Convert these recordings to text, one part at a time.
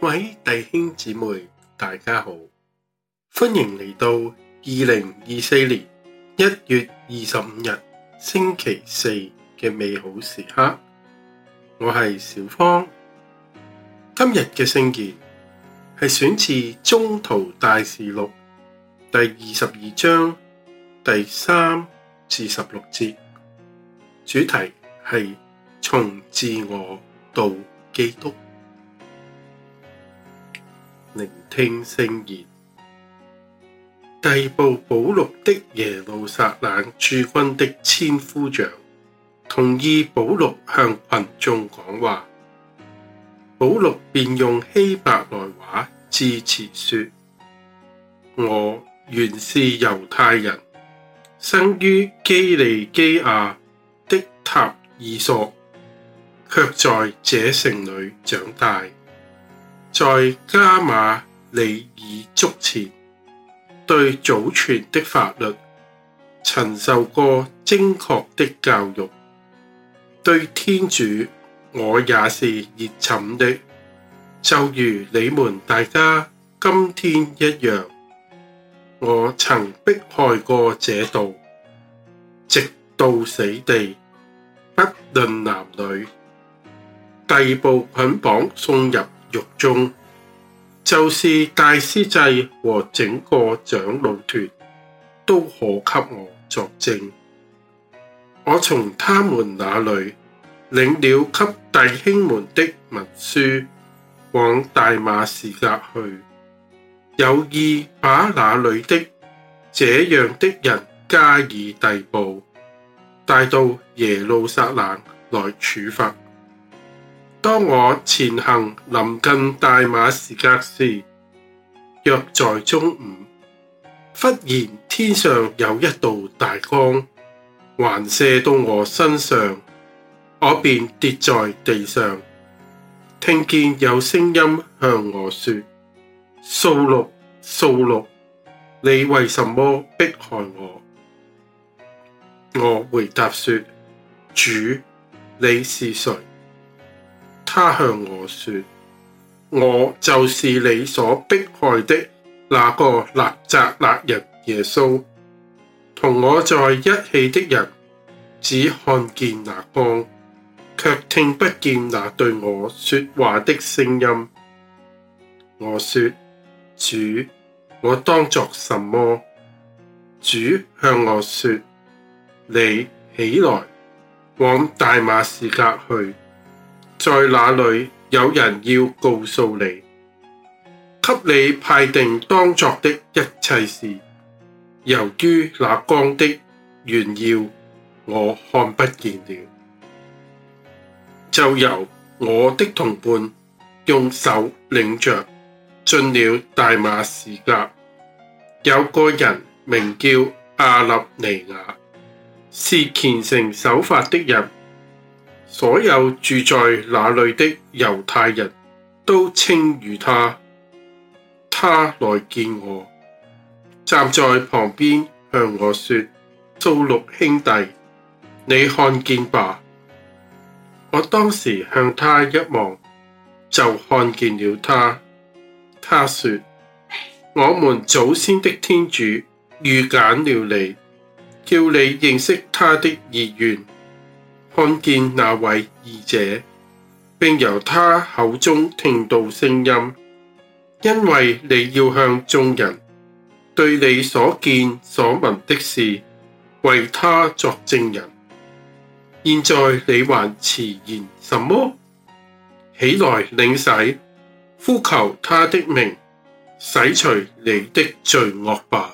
各位弟兄姊妹，大家好，歡迎嚟到二零二四年一月二十五日星期四嘅美好時刻。我係小芳。今日嘅聖言係選自《宗徒大事錄》第二十二章第三至十六節，主題係從自我到基督。聆聽聖言，逮捕保祿的耶路撒冷駐軍的千夫長，同意保祿向群眾講話。保祿便用希伯來話致辭說：我原是猶太人，生於基里基雅的塔爾索，卻在這城裏長大。在加瑪里耳足前，對祖傳的法律，曾受過精確的教育，對天主我也是熱忱的，就如你們大家今天一樣。我曾迫害過這道，直到死地，不論男女，逮捕捆綁送入。獄中，就是大司祭和整個長老團，都可給我作證，我從他們那裏領了給弟兄們的文書，往大馬士革去，有意把那裏的這樣的人加以逮捕，帶到耶路撒冷來處罰。當我前行臨近大馬士革時，約在中午，忽然天上有一道大光，環射到我身上，我便跌在地上，聽見有聲音向我說：掃祿，掃祿！，ok, ok, 你為什麼迫害我？我回答說：主，你是誰？他向我說：我就是你所迫害的那個納匝肋人耶穌。同我在一起的人，只看見那光，却聽不見那對我說話的聲音。我說：主，我當作什麼？主向我說：你起來，往大馬士革去。在那裏有人要告訴你，給你派定當作的一切事，由於那光的炫耀，我看不見了。就由我的同伴用手領着，進了大馬士革。有個人名叫阿納尼雅，是虔誠守法的人。所有住在那裏的猶太人都稱譽他。他來見我，站在旁邊向我說：掃祿兄弟，你看見吧！我當時向他一望，就看見了他。他說：我們祖先的天主預簡了你，叫你認識他的意願。看見那位義者，並由他口中聽到聲音，因為你要向眾人，對你所見所聞的事，為他作證人。現在你還遲延什麼？起來，領洗，呼求他的名，洗除你的罪惡吧。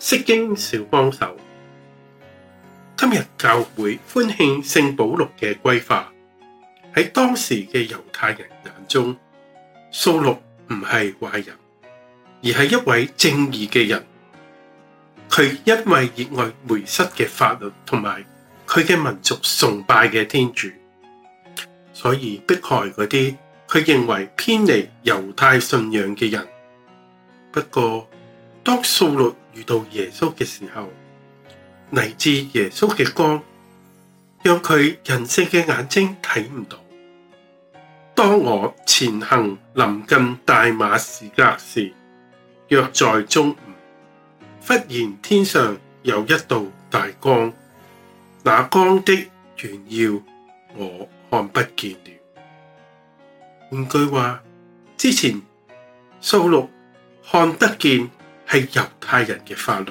釋經小幫手。今日教會歡慶聖保祿嘅歸化。喺當時嘅猶太人眼中，掃祿唔係壞人，而係一位正義嘅人。佢因為熱愛梅瑟嘅法律，同埋佢嘅民族崇拜嘅天主，所以迫害嗰啲佢認為偏離猶太信仰嘅人。不過，當掃祿遇到耶穌嘅時候，嚟自耶穌嘅光，讓佢人性嘅眼睛睇唔到。「當我前行臨近大馬士革時，約在中午，忽然天上有一道大光，那光的炫耀，我看不見了。」換句話，之前掃祿看得見係猶太人嘅法律。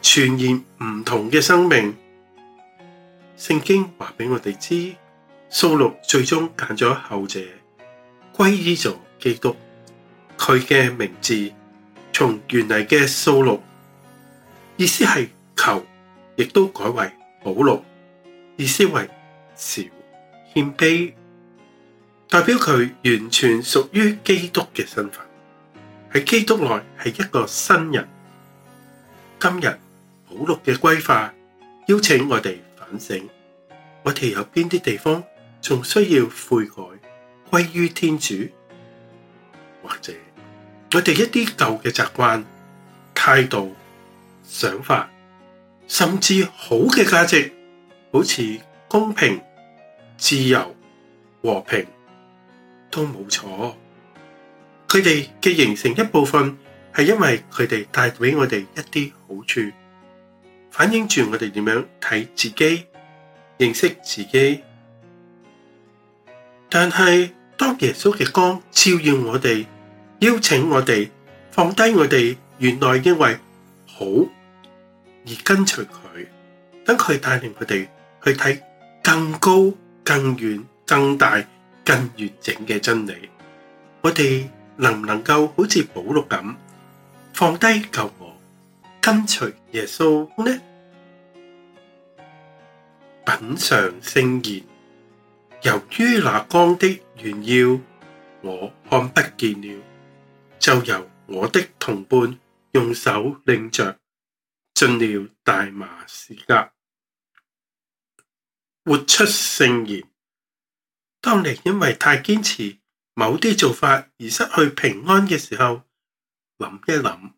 全然唔同嘅生命，聖經話俾我哋知，掃祿最終揀咗後者，皈依咗基督。佢嘅名字從原來嘅掃祿，意思係求，亦都改為保祿，意思為小謙卑，代表佢完全屬於基督嘅身份，喺基督內係一個新人。今日，保祿嘅歸化邀請我哋反省，我哋有邊啲地方仲需要悔改歸於天主，或者我哋一啲舊嘅習慣、態度、想法，甚至好嘅價值，好似公平、自由、和平，都冇錯。佢哋嘅形成一部分係因為佢哋帶俾我哋一啲好處。反映住我哋點樣睇自己、認識自己，但係當耶穌嘅光照耀我哋，邀請我哋放低我哋原來因為好而跟隨佢，等佢帶領我哋去睇更高、更遠、更大、更完整嘅真理。我哋能唔能夠好似保祿咁放低舊我？跟隨耶穌呢，品嘗聖言。由於那光的炫耀，我看不見了，就由我的同伴用手領着進了大馬士革。活出聖言。當你因為太堅持某啲做法而失去平安嘅時候，諗一諗。